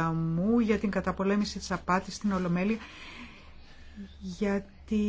μου για την καταπολέμηση της απάτης στην Ολομέλη γιατί